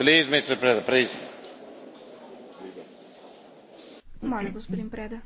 Please, Mr. Preda, please. Моля, господин Преда.